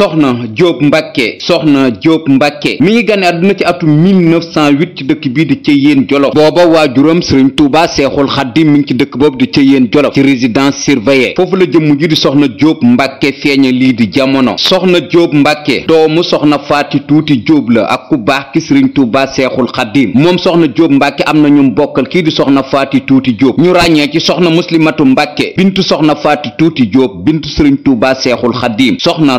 soxna jóob mbàkke soxna jóob mbàkke mi ngi gane àdduna ci atum 1908 ci dëkk bii di Ceyeen Jolof booba waajuram sëriñ Tuuba Seexul Xaddim mi ngi ci dëkk boobu di Ceyeen Jolof ci résidence surveillée foofu la jëmm ji di soxna jóob mbàkke feeña lii di jamono soxna jóob mbàkke doomu soxna faati tuuti jóob la ak ku baax ki sëriñ Tuuba Seexul Xaddim moom soxna jóob mbàkke am na ñu mbokkal kii di soxna faati tuuti jóob ñu ràññee ci soxna muslimatu mbàkke bintu soxna faati tuuti jóob bintu sëriñ Tuuba Seexul Xaddim soxna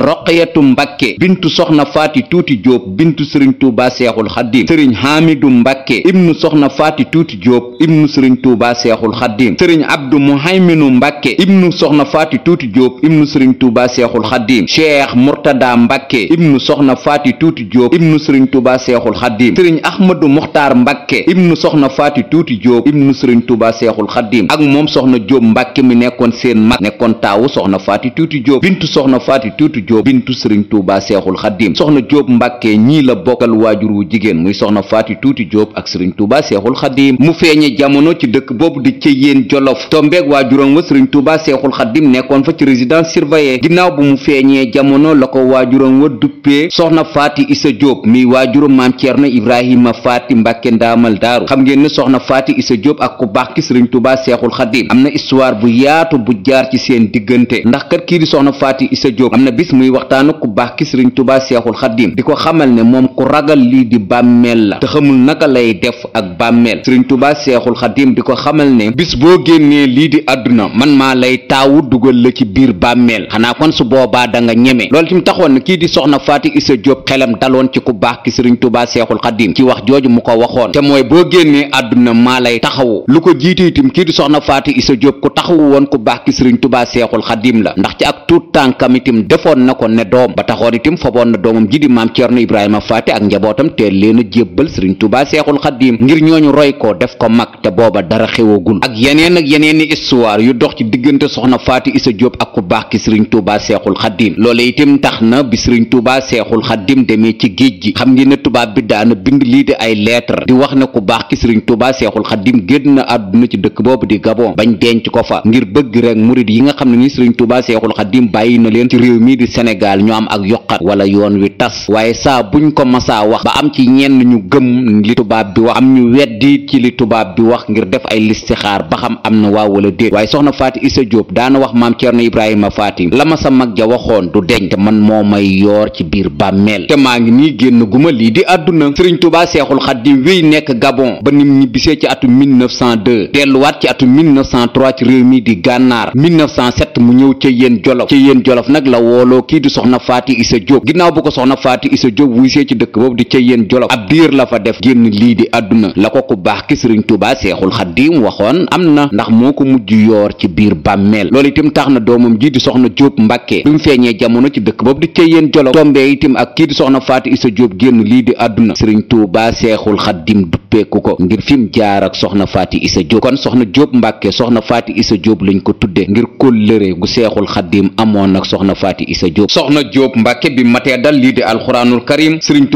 xadijatu mbàkke bintu soxna faati tuuti jóob bintu sëriñ tuuba seexul xaddim sëriñ xaamidu mbàkke mbàkke ibnu soxna faati tuuti jóob ibnu sëriñ tuuba seexul xaddiim sëriñ abdu muhayminu mbàkke ibnu soxna faati tuuti jóob ibnu sëriñ tuuba seexul xaddiim cheikh murtada mbàkke ibnu soxna faati tuuti jóob ibnu sëriñ tuuba seexul xaddiim sëriñ ahmadu muxtaar mbàkke ibnu soxna faati tuuti jóob ibnu sëriñ tuuba seexul xaddiim ak moom soxna jóob mbàkke mi nekkoon seen mag nekkoon taawu soxna faati tuuti jóob bintu soxna faati tuuti jóob bintu sëriñ tuuba seexul xaddiim soxna jóob mbàkke ñii la bokkal waajur wu jigéen muy soxna faati tuuti jóob Diop ak Serigne Touba Seexul Xadim mu feeñe jamono ci dëkk boobu di Ceyeen Jolof tombeeg waajuram wa Serigne Touba Seexul Xadim nekkoon fa ci résidence surveillée ginnaaw bu mu feeñee jamono la ko waajuram wa duppee soxna Faati Isa Diop mi waajuram maam Ceerno Ibrahima Faati Mbàkke Ndaamal Daaru xam ngeen ne soxna Faati Isa Diop ak ku baax ki Serigne Touba Seexul Xadim am na histoire bu yaatu bu jaar ci seen diggante ndax kat kii di soxna Faati Isa Diop am na bis muy waxtaanu ku baax ki Serigne Touba Seexul Xadim di ko xamal ne moom ku ragal lii di bàmmeel la lay def ak bàmmeel sëriñ tubaa seexul xadim di ko xamal ne bis boo génnee lii di àdduna man maa lay taawu dugal la ci biir bàmmeel xanaa kon su boobaa da nga ñeme lool ci mu taxoon ne kii di soxna faati isa jóob xelam daloon ci ku baax ki sëriñ tubaa seexul xadim ci wax jooju mu ko waxoon te mooy boo génnee àdduna maa lay taxawu lu ko jiite itam kii di soxna faati isa jóob ku taxawu woon ku baax ki sëriñ tubaa seexul xadim la ndax ci ak tuut tànkam itam defoon na ko na doomam ji di maam ceerno ibrahima faati ak njabootam teel seexul xaddiim ngir roy ko def ko mag te booba dara xewagul ak yeneen ak yeneen i histoire yu dox ci diggante soxna faati isa jóob ak ku baax ki sëriñ tuubaa seexul xaddiim loola itam tax na bi sëriñ tuubaa seexul xaddiim demee ci géej gi xam ngeen ne tubaab bi daana bind lii di ay lettre di wax ne ku baax ki sëriñ tuubaa seexul xaddiim génn na àdduna ci dëkk boobu di gabon bañ denc ko fa ngir bëgg rek murid yi nga xam ne ni sëriñ tuubaa seexul xaddiim bàyyi na leen di sénégal ñu am ak yokkat wala yoon wi tas waaye saa buñ ko masaa wax tubaab bi wax am ñu weddi ci li tubaab bi wax ngir def ay listixaar ba xam am na waaw wala déet waaye soxna faati isa jóob daana wax maam ceerno ibrahima faati la ma sa mag ja waxoon du deñ te man moo may yoor ci biir bàmmeel te maa ngi nii génn guma lii di àdduna sëriñ tubaa seexul xaddim wéy nekk gabon ba nim ñibbisee ci atu delluwaat ci atu ci réew mi di gànnaar 1907 mu ñëw ca yéen jolof ca jolof nag la wooloo kii di soxna faati isa jóob ginnaaw bu ko soxna faati isa jóob wuysee ci lii di àdduna la ko ku baax ki sëriñ Tuubaa Seexul Xaddiim waxoon am na ndax moo ko mujj yoor ci biir bàmmeel loolu itam tax na doomam ji di soxna Jóob Mbàkke bi mu feeñee jamono ci dëkk boobu di cëyeen jolof tombee itam ak kii di soxna Faati Isa Jóob génn lii di àdduna sëriñ Tuubaa Seexul Xaddiim duppeeku ko ngir fi mu jaar ak soxna Faati Isa Jóob kon soxna Jóob Mbàkke soxna Faati Isa Jóob lañ ko tudde ngir kóllëre gu Seexul Xaddiim amoon ak soxna Faati Isa Jóob soxna Mbàkke bi matee dal lii di alxuraanul karim sëriñ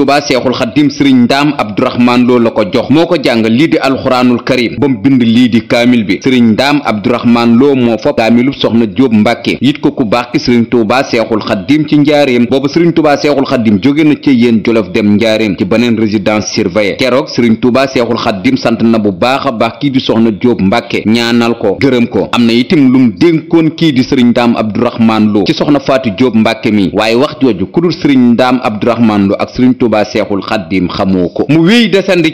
la ko jox moo ko jàng lii di alxuraanul karim ba mu bind lii di kaamil bi sëriñ ndaam abduraxmaan loo moo fop kaamilub soxna jóob mbàkke yit ko ku baax ki sëriñ tuubaa seexul xaddim ci njaareem boobu sëriñ tuubaa seexul xaddim jóge na ci yéen jolof dem njaareem ci beneen résidence surveillée keroog sëriñ tuubaa seexul xaddim sant na bu baax a baax kii di soxna jóob mbàkke ñaanal ko gërëm ko am na itim lum dénkoon kii di sëriñ ndaam abduraxmaan loo ci soxna faatu jóob mbàkke mi waaye wax jooju ku dul ndaam abduraxmaan loo ak sëriñ tuubaa seexul xaddim xamoo ko mu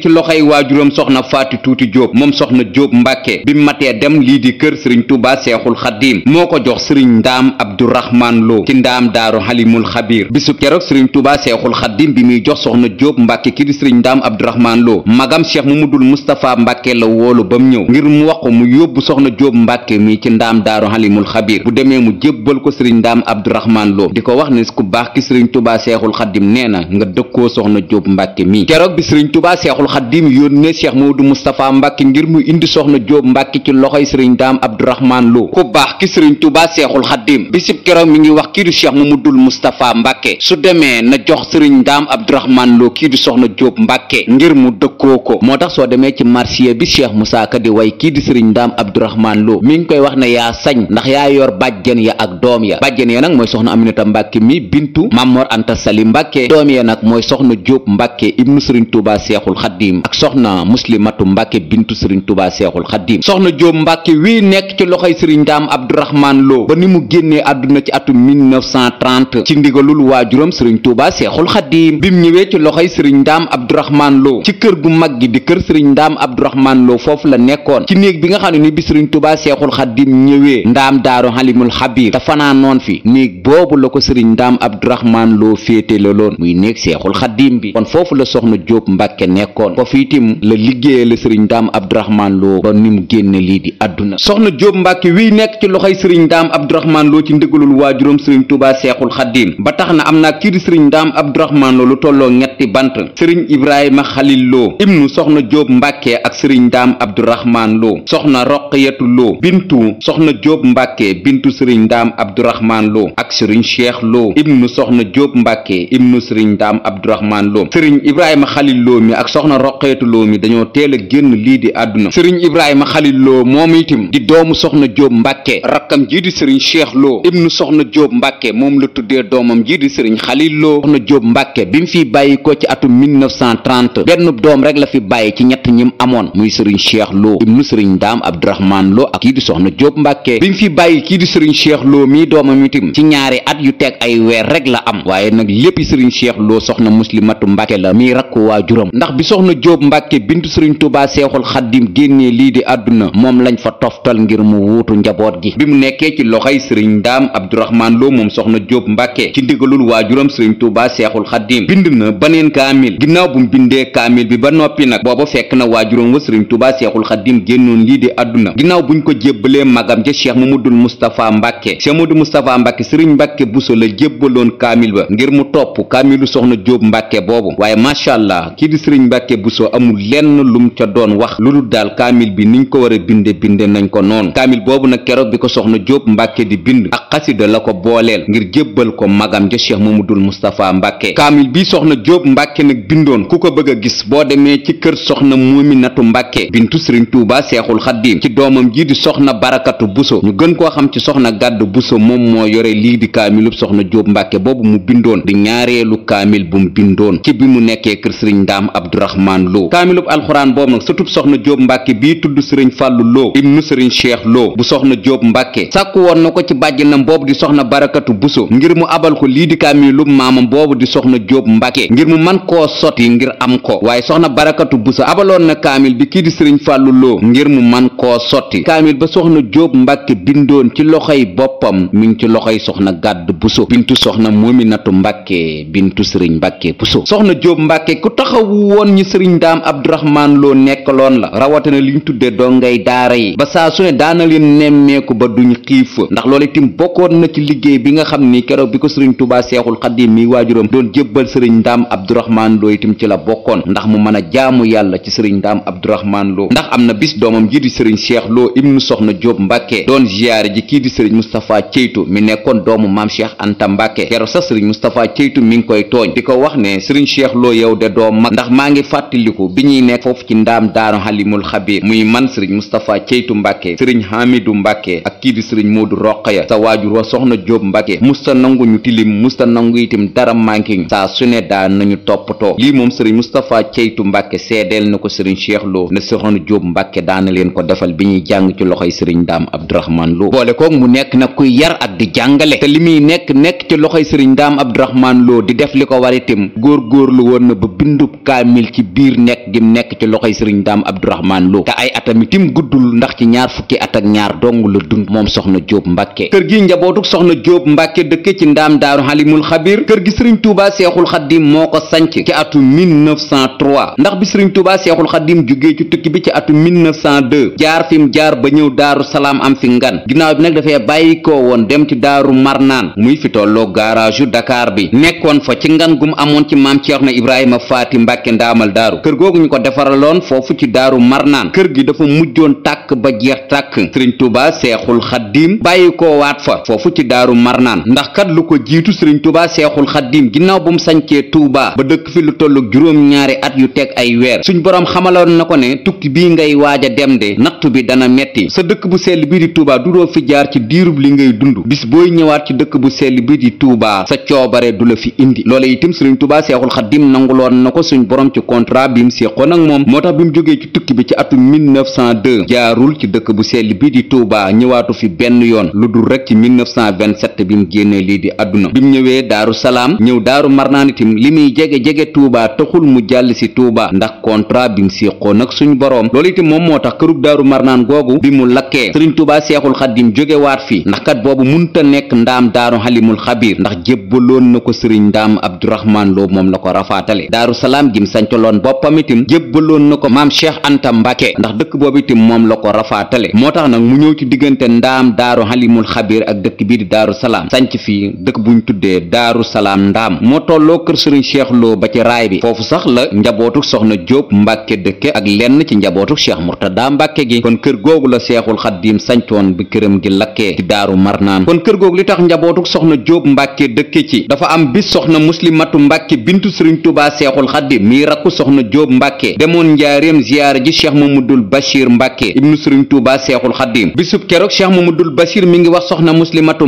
ci loxo loxoy waajuram soxna faati tuuti jóob moom soxna jóob mbàkke bi matee dem lii di kër sëriñ tuuba seexul xaddiim moo ko jox sëriñ ndaam abdurahmaan lo ci ndaam daaru xalimul xabiir bisub keroog sëriñ tuuba seexul xaddiim bi muy jox soxna jóob mbàkke ki di sëriñ ndaam abdurahmaan lo magam mu cheikh mamadul mustapha mbàkke la woolu bam ñëw ngir mu wax ko mu yóbbu soxna jóob mbàkke mi ci ndaam daaru xalimul xabiir bu demee mu jëbbal ko sëriñ ndaam abdurahmaan lo di ko wax ne ku baax ki sëriñ tuuba seexul xaddiim nee na nga dëkkoo soxna jóob mbàkke mi keroog bi sëriñ seexul xaddim yónnee seex Moodu Mustapha Mbàkke ngir mu indi soxna Jóob Mbàkke ci loxoy sëriñ Daam Abdurahmaan Lo baax ki sëriñ Tuubaa Seexul Xaddim bisib keroog mi ngi wax kii mu Cheikh Mamadul Moustapha Mbàkke su demee na jox sëriñ Ndaam Abdourahmane Lo kii di Soxna Jóob Mbàkke ngir mu dëkkoo ko moo tax soo demee ci marsiya bi Cheikh Moussa Ka di way kii di sëriñ Ndaam Abdourahmane Lo mi ngi koy wax ne yaa sañ ndax yaa yor bàjjen ya ak doom ya bàjjen ya nag mooy soxna Aminata Mbàkke mi bintu Mamor Anta Sali Mbàkke doom ya nag mooy soxna Jóob Mbàkke ibnu sëriñ Tuubaa Seexul Xaddim ak soxna Muslimatu Mbàkke bintu sëriñ Tuubaa Seexul daam abdourahmaan loo ba ni mu génnee àdduna ci atum 1930 ci ndigalul waajuram sëriñ tuuba seexul xaddiim bim ñëwee ci loxoy sëriñ ndaam abdourahmaan loo ci kër gu mag gi di kër sëriñ ndaam abdourahmaan loo foofu la nekkoon ci néeg bi nga xam ne ni bi sëriñ tuuba seexul xaddiim ñëwee ndaam daaru xalimul xabiir dafa naanoon fi néeg boobu la ko sëriñ ndaam abdourahmaan loo féete la loon muy néeg seexul xaddiim bi kon foofu la soxna jóob mbàkke nekkoon ko fi itam la liggéeyee la sëriñ ndaam abdourahmaan loo ba ni mu génne lii di àdduna nekk ci loxoy sëriñ ndaam abdourahmaan loo ci ndigalul waajuram sëriñ tuuba seexul xaddiim ba tax na am naa kii di sëriñ ndaam abdourahmaan loo lu tolloo ñetti bant sëriñ ibrahima xalil loo ibnu soxna jóob mbàkke ak sëriñ ndaam abdourahmaan loo soxna roq roqiyatu loo bintu soxna jóob mbàkke bintu sëriñ ndaam abdourahmaan loo ak sëriñ cheikh loo ibnu soxna jóob mbàkke ibnu sëriñ ndaam abdourahmaan loo sëriñ ibrahima xalil loo mi ak soxna roqiyatu loo mi dañoo teel a génn lii di àdduna sëriñ ibrahima xalil loo moom itim di doomu soxna mbàkke rakkam jii di sëriñ cheikh loo ibnu soxna jóob mbàkke moom la tuddee doomam jii di sëriñ xalil loo soxna jóob mbàkke bi mu fi bàyyi ko ci atum 1930 benn doom rek la fi bàyyi ci ñett ñim amoon muy sëriñ cheikh loo ibnu sëriñ ndaam abdurahmaan loo ak kii di soxna jóob mbàkke bi mu fi bàyyi kii di sëriñ cheikh loo mii doomam itam ci ñaari at yu teg ay weer rek la am waaye nag lépp sëriñ cheikh loo soxna muslimatu mbàkke la mii rakk waa waajuram ndax bi soxna jóob mbàkke bintu sëriñ tubaa seexul xaddim génnee lii di àdduna moom lañ fa toftal ngir mu wuutu njaboot njaboot gi bi mu nekkee ci loxoy sëriñ ndaam abdourahmaan loo moom soxna jóob mbàkke ci ndigalul waajuram sëriñ tuuba seexul xaddiim bind na baneen kaamil ginnaaw bu mu bindee kaamil bi ba noppi nag booba fekk na waajuram wa sëriñ tuuba seexul xaddiim génnoon lii di àdduna ginnaaw buñ ko jébbalee magam ja cheikh mamadul moustapha mbàkke cheikh mamadul moustapha mbàkke sëriñ mbàkke buso la jébbaloon kaamil ba ngir mu topp kaamilu soxna jóob mbàkke boobu waaye macha allah kii di sëriñ mbàkke buso amul lenn lum ca doon wax lu daal kaamil bi niñ ko war a binde nañ ko noonu kaamil keroog bi ko soxna jóob mbàkke di bind ak xasida la ko booleel ngir jébbal ko magam ja cheikh mamadul mustapha mbàkke kaamil bi soxna jóob mbàkke nag bindoon ku ko bëgg a gis boo demee ci kër soxna muuminatu mbàkke bintu sëriñ tuuba seexul xaddiim ci doomam jii di soxna barakatu buso ñu gën koo xam ci soxna gàdd buso moom moo yore lii di kaamilub soxna jóob mbàkke boobu mu bindoon di ñaareelu kaamil bu mu bindoon ci bi mu nekkee kër sëriñ ndaam abdourahmaan loo kaamilub alxuraan boobu nag sëtub soxna jóob mbàkke bii tudd sëriñ fàllu loo Jóob Mbàkke sàkku woon na ko ci bàjjenam boobu di soxna barakatu buso ngir mu abal ko lii di kaamilu maamam boobu di soxna Jóob Mbàkke ngir mu man koo sotti ngir am ko waaye soxna barakatu buso abaloon na kaamil bi kii di sëriñ fàllu loo ngir mu man koo sotti kaamil ba soxna Jóob Mbàkke bindoon ci loxo yi boppam mu ngi ci loxoy soxna gàdd buso bintu soxna moominatu Mbàkke bintu sëriñ Mbàkke buso soxna Jóob Mbàkke ku taxawu woon ñi sëriñ daam Abdurahmaan loo nekkaloon la rawatina liñ tuddee dongay daara nemmeeku ba duñ xiif ndax loolu itam bokkoon na ci liggéey bi nga xam ni keroog bi ko sëriñ Tuubaa Seexul Xadiim mi waajuram doon jébbal sëriñ Ndaam Abdourahmane Lo itam ci la bokkoon ndax mu mën a jaamu yàlla ci sëriñ Ndaam Abdourahmane Lo ndax am na bis doomam ji di sëriñ Cheikh Lo ibnu Soxna Jóob Mbàkke doon ziyaare ji kii di sëriñ Moustapha Ceytu mi nekkoon doomu maam Cheikh Anta Mbàkke keroog sax sëriñ Moustapha Ceytu mi ngi koy tooñ di ko wax ne sëriñ Cheikh Lo yow de doom mag ndax maa ngi fàttaliku bi ñuy nekk foofu ci ndaam daaru Halimul Xabiir muy mbàkke ak kii di sëriñ moodu roqaya sa waajur wa soxna jóob mbàkke musta nangu ñu tilim musta nangu itim dara mànkiñ saa su ne daa nañu toppatoo lii moom sëriñ mustapha ceytu mbàkke seedeel na ko sëriñ cheikh loo na soxna jóob mbàkke daana leen ko defal bi ñuy jàng ci loxo loxoy sëriñ daam abdourahman loo boole koog mu nekk nag kuy yar ak di jàngale te li muy nekk nekk ci loxoy sëriñ daam abdourahman loo di def li ko war itim góor-góorlu woon na ba bindub kaamil ci biir nekk gim nekk ci loxoy sëriñ daam abdourahman loo te ay atamitim guddul ndax ci ñaar fukki la dund moom soxna Jóob Mbàkke kër gi njabootuk soxna Jóob Mbàkke dëkke ci ndaam daaru xalimul xabir kër gi sëriñ Tuubaa seexul xaddim moo ko sanc ci atu 1903 ndax bi sëriñ Tuubaa seexul xaddim jugee ci tukki bi ci atu 1902 jaar fi jaar ba ñëw daaru salaam am fi ngan ginnaaw bi nag dafay bàyyi ko woon dem ci daaru marnaan muy fi tolloo garage yu Dakar bi nekkoon fa ci ngan gum amoon ci maam Ceerno Ibrahima Faati Mbàkke ndaamal daaru kër googu ñu ko defaraloon foofu ci daaru marnaan kër gi dafa mujjoon tàkk ba jeex tàkk sëriñ Tuubaa seexul xaddiim bàyyi ko waat fa foofu ci daaru marnaan ndax kat lu ko jiitu sëriñ tubaa seexul xaddiim ginnaaw bu mu sancee tuubaa ba dëkk fi lu tollu juróom-ñaari at yu teg ay weer suñ boroom xamaloon na ko ne tukki bii ngay waaja a dem de nattu bi dana metti sa dëkk bu sell bii di tuubaa du doo fi jaar ci diirub li ngay dund bis booy ñëwaat ci dëkk bu sell bii di tuubaa sa coobare du la fi indi loola itam sëriñ tubaa seexul xaddiim nanguloon na ko suñ boroom ci contrat bi mu séqoon ak moom moo tax bi mu jógee ci tukki bi ci atum 1902 jaarul ci dëkk bu sell bii di tuubaa Touba ñëwaatu fi benn yoon lu dul rek ci 1927 bi mu génnee lii di àdduna bi mu ñëwee daaru salaam ñëw daaru marnaan itam li muy jege-jege Touba taxul mu jàll si Touba ndax contrat bi mu séqoo nag suñ boroom loolu itam moom moo tax kërug daaru marnaan googu bi mu lakkee sëriñ Touba seexul xaddim jógewaat fii ndax kat boobu munta nekk ndaam daaru xalimul xabir ndax jébbaloon na ko sëriñ ndaam abdourahmaan loo moom la ko rafaatale daaru salaam gim sancaloon boppam itam jébbaloon na ko maam cheikh anta ndax dëkk boobu itam moom la ko rafaatale diggante ndaam daaru xalimul xabir ak dëkk bii di daaru salaam sanc fii dëkk buñ tuddee daaru salaam ndaam moo tolloo kër sëriñ cheikh loo ba ci raay bi foofu sax la njabootuk soxna jóob mbàkke dëkke ak lenn ci njabootuk cheikh murtada mbàkke gi kon kër googu la seexul xaddiim sancoon bi këram gi lakkee ci daaru marnaan kon kër googu li tax njabootuk soxna jóob mbàkke dëkke ci dafa am bis soxna muslimatu mbàkke bintu sëriñ tubaa seexul xaddiim mi soxna jóob mbàkke demoon njaareem ziyaara ji cheikh mamadul bachir mbàkke ibnu sëriñ tubaa seexul xaddiim bisub keroog cheikh mamadul basir mi ngi wax soxna muslimatu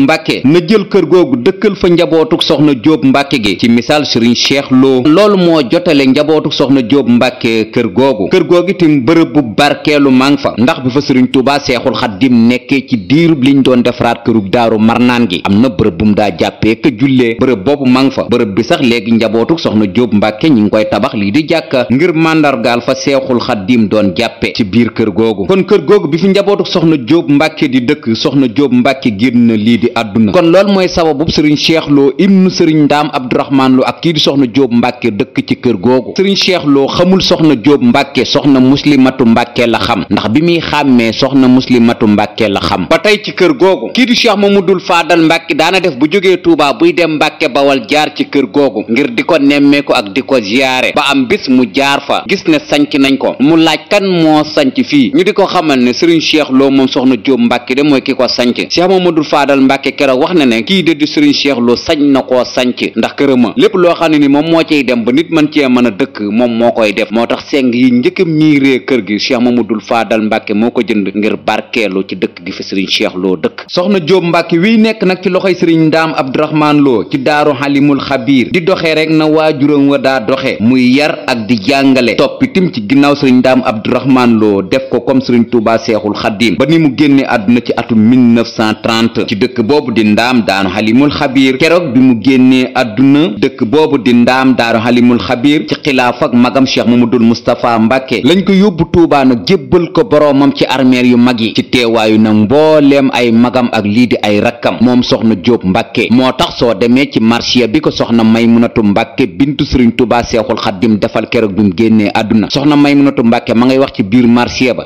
jël kër googu dëkkal fa njabootuk soxna jóob mbàkke gi ci misaal sëriñ cheikh loo loolu moo jotale njabootuk soxna jóob mbàkke kër googu kër googu tim bërëb bu barkeelu mang fa ndax bi fa sëriñ tuubaa seexul xaddim nekkee ci diirub liñ doon defaraat kërub daaru marnaan gi am na bërëb bu daa jàppee ka jullee bërëb boobu mang fa bërëb bi sax léegi njabootuk soxna jóob mbàkke ñi ngi koy tabax lii di jàkka ngir màndargaal fa seexul xaddim doon jàppe ci biir kër googu kon kër googu bi fi njabootuk soxna jóob mbàkke mbàkke di dëkk soxna jóob mbàkke génn na lii di àdduna kon loolu mooy sababub sëriñ cheikh loo ibnu sëriñ ndaam abdourahmaan loo ak kii di soxna jóob mbàkke dëkk ci kër googu sëriñ cheikh loo xamul soxna jóob mbàkke soxna muslimatu mbàkke la xam ndax bi muy xàmmee soxna muslimatu mbàkke la xam ba tey ci kër googu kii di seex ma cheikh mamadul faadal mbàkke daana def bu jógee tuubaa buy dem mbàkke bawal jaar ci kër googu ngir di ko nemmeeku ak di ko ziyaare ba am bis mu jaar fa gis ne sanc nañ ko mu laaj kan moo sanc fii Jóob Mbàkke de mooy ki ko sanc Cheikh Mamadou Fadal Mbàkke keroog wax na ne kii de di Serigne Cheikh Lo sañ na koo sanc ndax kërëma lépp loo xam ne ni moom moo ciy dem ba nit man cee mën a dëkk moom moo koy def moo tax seng yi njëkk a ree kër gi Cheikh dul faadal Mbàkke moo ko jënd ngir barkeelu ci dëkk gi fi Serigne Cheikh Lo dëkk soxna Jóob Mbàkke wiy nekk nag ci loxo Serigne Ndaam Abdourahmane Lo ci daaru Halimul Xabiir di doxee rek na waajuram wa daa doxe muy yar ak di jàngale toppitim ci ginnaaw Serigne Ndaam Abdourahmane Lo def ko génne àdduna ci atum 1930 ci dëkk boobu di ndaam daanu xalimul xabiir keroog bi mu génnee adduna dëkk boobu di ndaam daanu xalimul xabiir ci xilaaf ak magam cheikh dul mustapha mbàkke lañ ko yóbbu tuubaa nag jébbal ko boroomam ci armeel yu mag yi ci teewaayu nag mbooleem ay magam ak lii di ay rakkam moom soxna jóob mbàkke moo tax soo demee ci marsiya bi ko soxna maymunatu mbàkke bintu sëriñ tuubaa seexul xaddim defal keroog bi mu génnee àdduna soxna maymunatu mbàkke ma ngay wax ci biir marsiya ba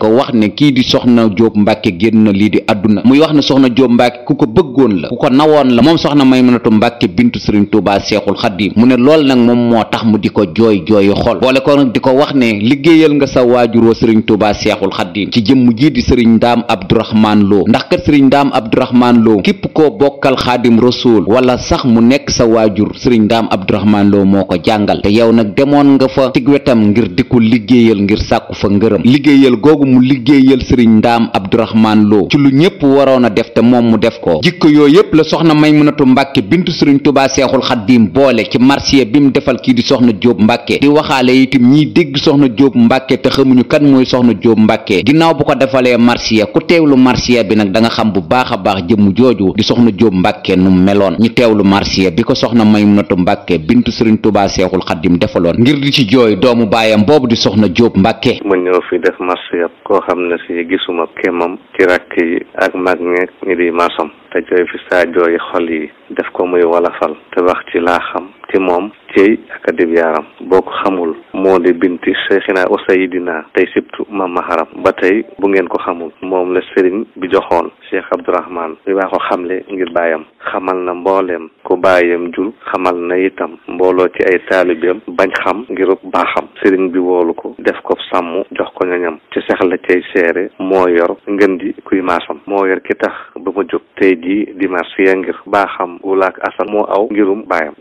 ko wax ne kii di soxna Jóob Mbàkke génn na lii di àdduna muy wax ne soxna Jóob Mbàkke ku ko bëggoon la ku ko nawoon la moom soxna Maymunatu Mbàkke bintu Sëriñ Tuubaa Seexul Xadiim mu ne lool nag moom moo tax mu di ko jooy jooyu xol boole ko nag di ko wax ne liggéeyal nga sa waajuroo Sëriñ Tuubaa Seexul Xadiim ci jëmm jii di Sëriñ Ndaam Abdourahmane Lo ndax kat Sëriñ Ndaam Abdourahmane Lo képp koo bokkal Xaadim Rasuul wala sax mu nekk sa waajur Sëriñ Ndaam Abdourahmane Lo moo ko jàngal yow nag demoon nga fa tig wetam ngir di ko liggéeyal ngir sàkku fa ngërëm liggéeyal mu liggéeyal sëriñ ndaam abdurahmaan loo ci lu ñépp waroon a def te moom mu def ko jikko yooyu yépp la soxna maymunatu mbàkke bintu sëriñ tubaa seexul xaddiim boole ci marsiya bi mu defal kii di soxna jóob mbàkke di waxaale itam ñiy dégg soxna jóob mbàkke xamuñu kan mooy soxna jóob mbàkke ginnaaw bu ko defalee marsiya ku teewlu marsiya bi nag da nga xam bu baax a baax jëmm jooju di soxna jóob mbàkke nu meloon ñu teewlu marsiya bi ko soxna maymunatu mbàkke bintu sëriñ tubaa seexul xaddiim defaloon ngir di ci jooy doomu baayam boobu di soxna jóob mbàkke ma ñëw fi def marsiya koo xam na si gisuma kémam ci rakk yi ak mag ñeeg ñi di masam te jooy fi saajooy xol yi def ko muy walafal te wax ci laa xam ci moom cey ak dib yaaram boo ko xamul moo di binti Cheikhina wa tey sibtu mam maharam ba tey bu ngeen ko xamul moom la sëriñ bi joxoon Cheikh Abdourahman bi baa ko xamle ngir baayam xamal na mbooleem ku baayam jur xamal na itam mbooloo ci ay taalibeem bañ xam ngir baaxam sëriñ bi woolu ko def ko sàmm jox ko ñoñam ci sax la seere moo yor ngën di kuy maasam moo yor ki tax ba ma jóg tey jii dimanche ya ngir baaxam wulaak asal moo aw ngirum baayam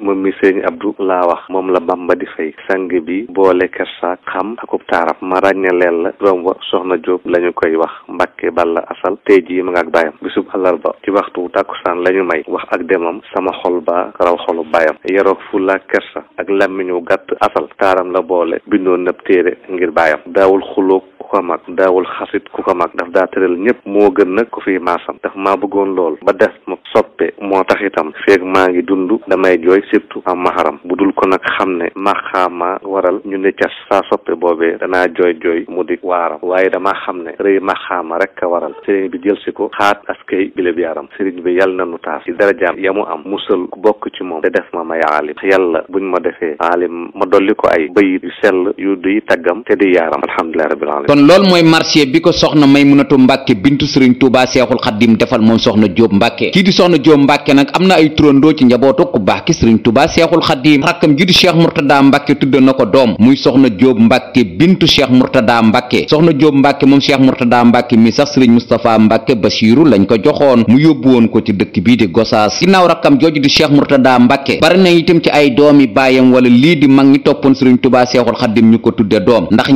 laa wax moom la Bamba di fay sang bi boole kersaak xam akub taarab ma ràññaleel la doom wa soxna Jóob la ñu koy wax Mbàkke Balla Asal tey jii ma nga ak baayam bisub àllarba ci waxtu tàkkusaan la ñu may wax ak demam sama xol ba raw xolu baayam yaroog fulla kersa ak làmmiñu gàtt asal taaram la boole bindoon nëb téere ngir baayam daawul xuloog ko mag daawul xasit ku ko mag daf daa tëral ñëpp moo gën nag ku fi maasam daf maa bëggoon lool ba des ma soppe moo tax itam feeg maa ngi dund damay jooy surtout am maxaram bu dul ko nag xam ne maxaama waral ñu ne cas saa soppe boobee danaa jooy jooy mu di waaram waaye dama xam ne rëy maxaama rek ka waral sëriñ bi jël si ko xaat askay bile bi yaram sëriñ bi yàlla na nu taas ci darajaam yamu am musal ku bokk ci moom te def ma may aalim yàlla buñ ma defee aalim ma dolli ko ay bëyit yu sell yu duy taggam te di yaaram alhamdulilah rabbil alamin kon loolu mooy marché bi ko soxna Maymunatu Mbàkke bintu Sëriñ Tuubaa Seexul Xaddim defal moom soxna Jóob Mbàkke kii di soxna Jóob Mbàkke nag am na ay turandoo ci njabootu ku baax ki Sëriñ Tuubaa Seexul Xaddim rakkam ji di Cheikh Murtada Mbàkke tudde na ko doom muy soxna Jóob Mbàkke bintu Cheikh Murtada Mbàkke soxna Jóob Mbàkke moom Cheikh Murtada Mbàkke mi sax Sëriñ Mustapha Mbàkke Basiiru lañ ko joxoon mu yóbbu woon ko ci dëkk bii di Gosaas ginnaaw rakkam jooju di Cheikh Murtada Mbàkke bari na itam ci ay doomi baayam wala lii di mag ñi toppoon Sëriñ Tuubaa Seexul Xaddim ñu ko tudde doom ndax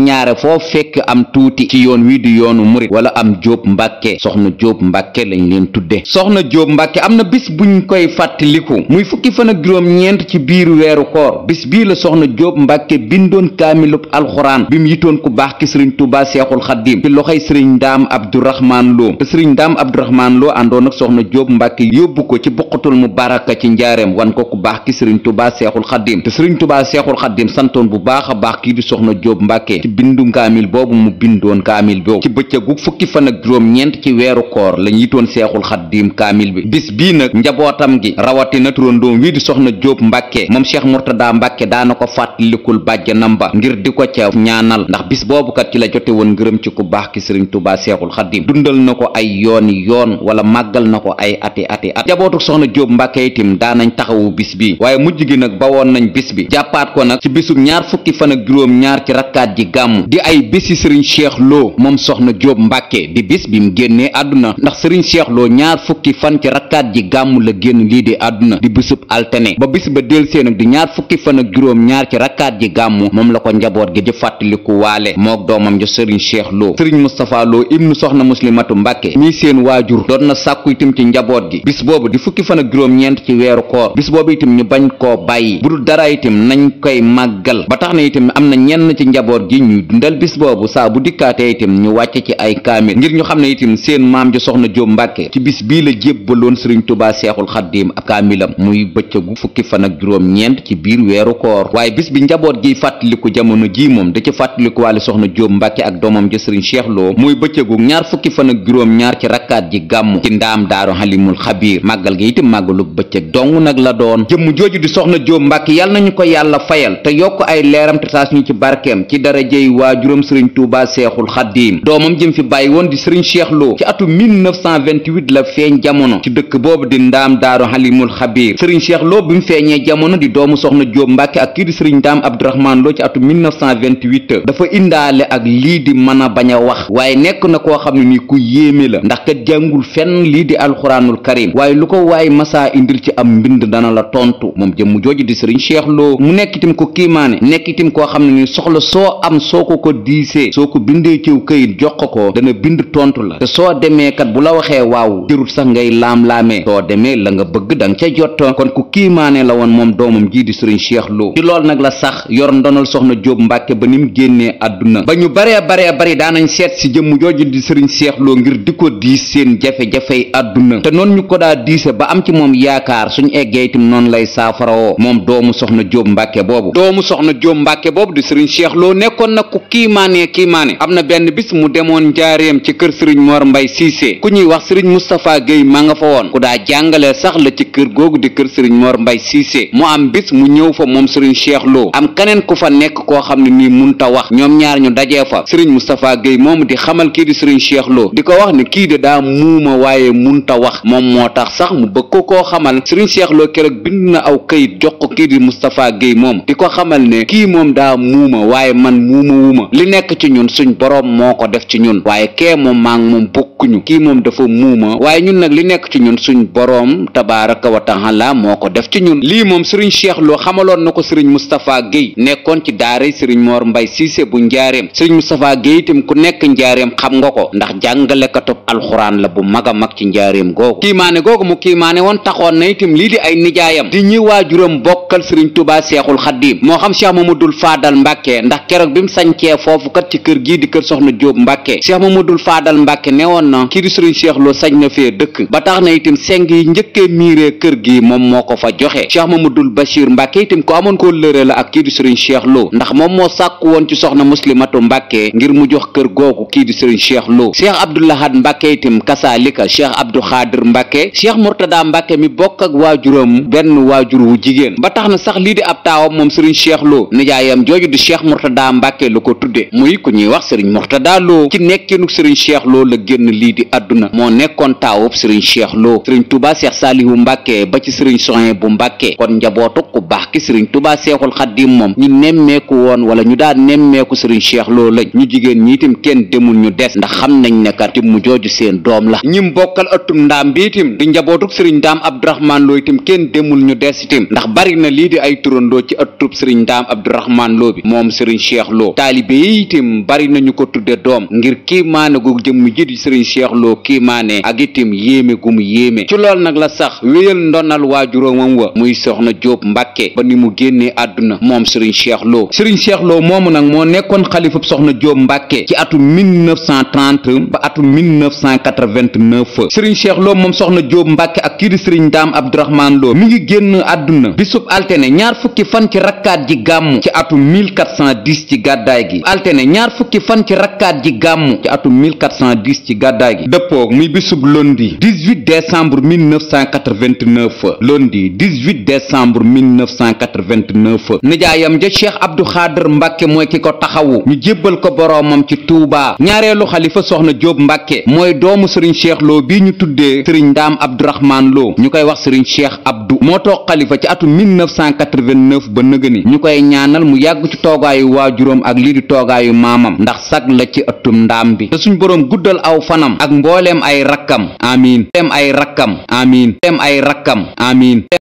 tuuti ci yoon wii di yoonu murit wala am jóob mbàkke soxna jóob mbàkke lañ leen tudde soxna jóob mbàkke am na bis buñ koy fàttaliku muy fukki fan ak juróom-ñeent ci biir weeru ko bis bii la soxna jóob mbàkke bindoon kaamilub alxuraan bi mu yitoon ku baax ki sëriñ tubaa seexul xaddiim ci loxoy sëriñ ndaam abdurahmaan loo te sëriñ ndaam abdurahmaan loo àndoon ak soxna jóob mbàkke yóbbu ko ci buqatul mu baraka ci njaareem wan ko ku baax ki sëriñ tubaa seexul xaddiim te tubaa seexul xaddiim santoon bu baax baax kii di soxna jóob mbàkke ci bindu kaamil boobu bindoon kaamil boobu ci bëccëgu fukki fan ak juróom-ñeent ci weeru koor lañ yitoon seexul xaddiim kaamil bi bis bii nag njabootam gi rawatina turandoom wii di soxna jóob mbàkke moom cheikh murtada mbàkke daana ko fàttalikul bàjjanam ba ngir di ko ca ñaanal ndax bis boobukat ci la jote woon ngërëm ci ku baax ki sëriñ tubaa seexul xaddiim dundal na ko ay yoon yoon wala màggal na ko ay ati ati at njabootu soxna jóob mbàkke itim daanañ taxawu bis bi bi jàppaat ko nag Cheikh Lo moom soxna Jóob Mbàkke di bis bi mu génnee àdduna ndax sëriñ Cheikh Lo ñaar fukki fan ci rakkaat ji gàmm la génn lii di àdduna di bisub altene ba bis ba delsee nag di ñaar fukki fan ak juróom ñaar ci rakkaat ji gàmm moom la ko njaboot gi di fàttaliku waale mook doomam ja sëriñ Cheikh Lo sëriñ Moustapha Lo ibnu soxna muslimatu Mbàkke mii seen waajur doon na sàkku itam ci njaboot gi bis boobu di fukki fan ak juróom-ñeent ci weeru koor bis boobu itam ñu bañ koo bàyyi bu dul dara itam nañ koy màggal ba gi dikkaatee itam ñu wàcce ci ay kaamil ngir ñu xam ne itam seen maam ji soxna Jóob Mbàkke ci bis bii la jébbaloon sëriñ Tuubaa Seexul Xaddiim ab kaamilam muy bëccëgu fukki fan ak juróom-ñeent ci biir weeru koor waaye bis bi njaboot giy fàttaliku jamono ji moom da ci fàttaliku wàlle soxna Jóob Mbàkke ak doomam ja sëriñ Cheikh Lo muy bëccëgu ñaar fukki fan ak juróom-ñaar ci rakkaat ji gàmmu ci ndaam daaru Halimul Xabiir màggal gi itam màggalu bëccëg dong nag la doon jëmm jooju di soxna Jóob Mbàkke na nañu ko yàlla fayal te yokk ay leeram te taas ñu ci barkeem ci darajey waajuram sëriñ Tuubaa seexul xaddiim doomam jëm fi bàyyi woon di sëriñ cheikh ci atu la feeñ jamono ci dëkk boobu di ndaam daaru xalimul xabiir sëriñ cheikh bi mu feeñee jamono di doomu soxna jóob mbàkke ak kii di sëriñ ndaam abdourahmaan ci atu dafa indaale ak lii di mën a bañ a wax waaye nekk na koo xam ne ni ku yéeme la ndax kat jàngul fenn lii di alxuraanul karim waaye lu ko waaye masaa indil ci am mbind dana la tontu moom jëmm jooju di sëriñ cheikh lo mu nekk itam ko kiimaane nekk itam koo xam ko bindee ciw këyit jox ko ko dana bind tontu la te soo demee kat bu la waxee waaw jërut sax ngay laam-laamee soo demee la nga bëgg danga ca jot kon ku kiimaane la woon moom doomam jii di sëriñ Cheikh Lo ci nag la sax yor ndonal soxna Jóob Mbàkke ba ni mu génnee àdduna ba ñu baree baree bari daanañ seet si jëmm jooju di sëriñ Cheikh Lo ngir di ko diis seen jafe-jafey àdduna te noonu ñu ko daa diise ba am ci moom yaakaar suñ eggee noonu lay saafarawoo moom doomu soxna Jóob Mbàkke boobu doomu soxna Jóob Mbàkke boobu di sëriñ Cheikh nekkoon nag ku kiimaane kiimaane Mané am na benn bis mu demoon njaareem ci kër sëriñ Mor Mbay Cissé ku ñuy wax sëriñ Moustapha Guèye maa nga fa woon ku daa jàngalee sax la ci kër googu di kër sëriñ moor Mbay Cissé mu am bis mu ñëw fa moom sëriñ Cheikh Lo am keneen ku fa nekk koo xam ne nii munta wax ñoom ñaar ñu dajee fa sëriñ Moustapha Guèye moom di xamal kii di sëriñ Cheikh Lo di ko wax ni kii de daa muuma waaye munta wax moom moo tax sax mu bëgg ko koo xamal sëriñ Cheikh Lo keroog bind na aw kayit jox ko kii di Moustapha moom di ko xamal ne kii moom daa waaye man muuma nekk ci suñ boroom moo ko def ci ñun waaye kee moom maa ngi moom bokkuñu kii moom dafa muuma waaye ñun nag li nekk ci ñun suñ boroom tabaaraka wa la moo ko def ci ñun lii moom sëriñ Cheikh Lo xamaloon na ko sëriñ Moustapha Guèye nekkoon ci daara sëriñ moor Mbay Cissé bu njaareem sëriñ Moustapha Guèye itam ku nekk njaareem xam nga ko ndax jàngalekatub alxuraan la bu mag a mag ci njaareem googu kiimaane googu mu kiimaane woon taxoon na itam lii di ay nijaayam di ñi waajuram bokkal sëriñ Tuubaa Seexul Xaddiim moo xam Cheikh Mamadul gii di kër soxna Jóob Mbàkke Cheikh Mamadul Faadal Mbàkke woon na kii di sëriñ Cheikh Lo sañ na fee dëkk ba tax na itam seng yi njëkkee miiree kër gi moom moo ko fa joxe Cheikh Mamadul Bachir Mbàkke itam ko amoon koo lëre la ak kii di sëriñ Cheikh ndax moom moo sàkku woon ci soxna Muslimatu Mbàkke ngir mu jox kër googu kii di sëriñ Cheikh Lo Cheikh Abdoulahad Mbàkke itam kasaalika Cheikh Abdou Xaadir Mbàkke Cheikh Murtada Mbàkke mi bokk ak waajuram benn waajur wu jigéen ba tax na sax lii di ab taawam moom sëriñ Cheikh Lo nijaayam jooju di Cheikh Murtada Mbàkke lu ko tudde muy ku ñuy wax sëriñ Mourtada Lo ci nekkeenug sëriñ Cheikh Lo la génn lii di àdduna moo nekkoon taawub sëriñ Cheikh Lo sëriñ Touba Cheikh Salihu Mbàkke ba ci sëriñ Sohaybu bu mbàkkee kon njabootu ku baax ki sëriñ Touba Seexul xaddi moom ñu nemmeeku woon wala ñu daal nemmeeku sëriñ Cheikh loo lañ ñu jigéen ñi itam kenn demul ñu des ndax xam nañ ne kat mu jooju seen doom la ñim bokkal ëttum ndaam bi itam di njabootuk sëriñ ndaam Abdourahmane Lo itam kenn demul ñu des itam ndax bari na lii di ay turandoo ci ëttub sëriñ ndaam Abdourahmane Lo bi moom sëriñ Cheikh bari nañu ko tudde doom ngir kiimaane gu jëmm ji di sëriñ Cheikh Lo kiimaane ak itim yéeme gu mu yéeme ci lool nag la sax wéyal ndonal waajuróomam wa muy soxna Jóob mbakke ba ni mu génnee àdduna moom sëriñ Cheikh Lo sëriñ Cheikh Lo nag moo nekkoon xalifab soxna Jóob Mbàkke ci atum 1930 ba atum 1989 sëriñ Cheikh Lo moom soxna Jóob Mbàkke ak kii di sëriñ Daam Abdourahmane Lo mi ngi génn àdduna bisub altene ñaar fukki fan ci rakkaat ji gàmmu ci atum 1410 ci gàddaay gi altene ñaar fukki ci fan ci rakkaat ji gàmmu ci atum 1410 ci gàddaay gi dëppoog muy bisub lundi 18 décembre 1989 lundi 18 décembre 1989 nijaayam ja cheikh abdou xaadir mbàkke mooy ki ko taxawu ñu jébbal ko boroomam ci tuubaa ñaareelu xalifa soxna jóob mbàkke mooy doomu sëriñ cheikh loo bii ñu tuddee sëriñ ndaam abdourahmaan loo ñu koy wax sëriñ cheikh abdou moo toog xalifa ci atum 1989 ba nëgëni ñu koy ñaanal mu yàgg ci toogaayu waajuróom ak lii di toogaayu maamam ndax sak la ci ëttum ndaam bi te suñ boroom guddal aw fanam ak mbooleem ay rakkam amiin tem ay rakkam amiin tem ay rakkam amiin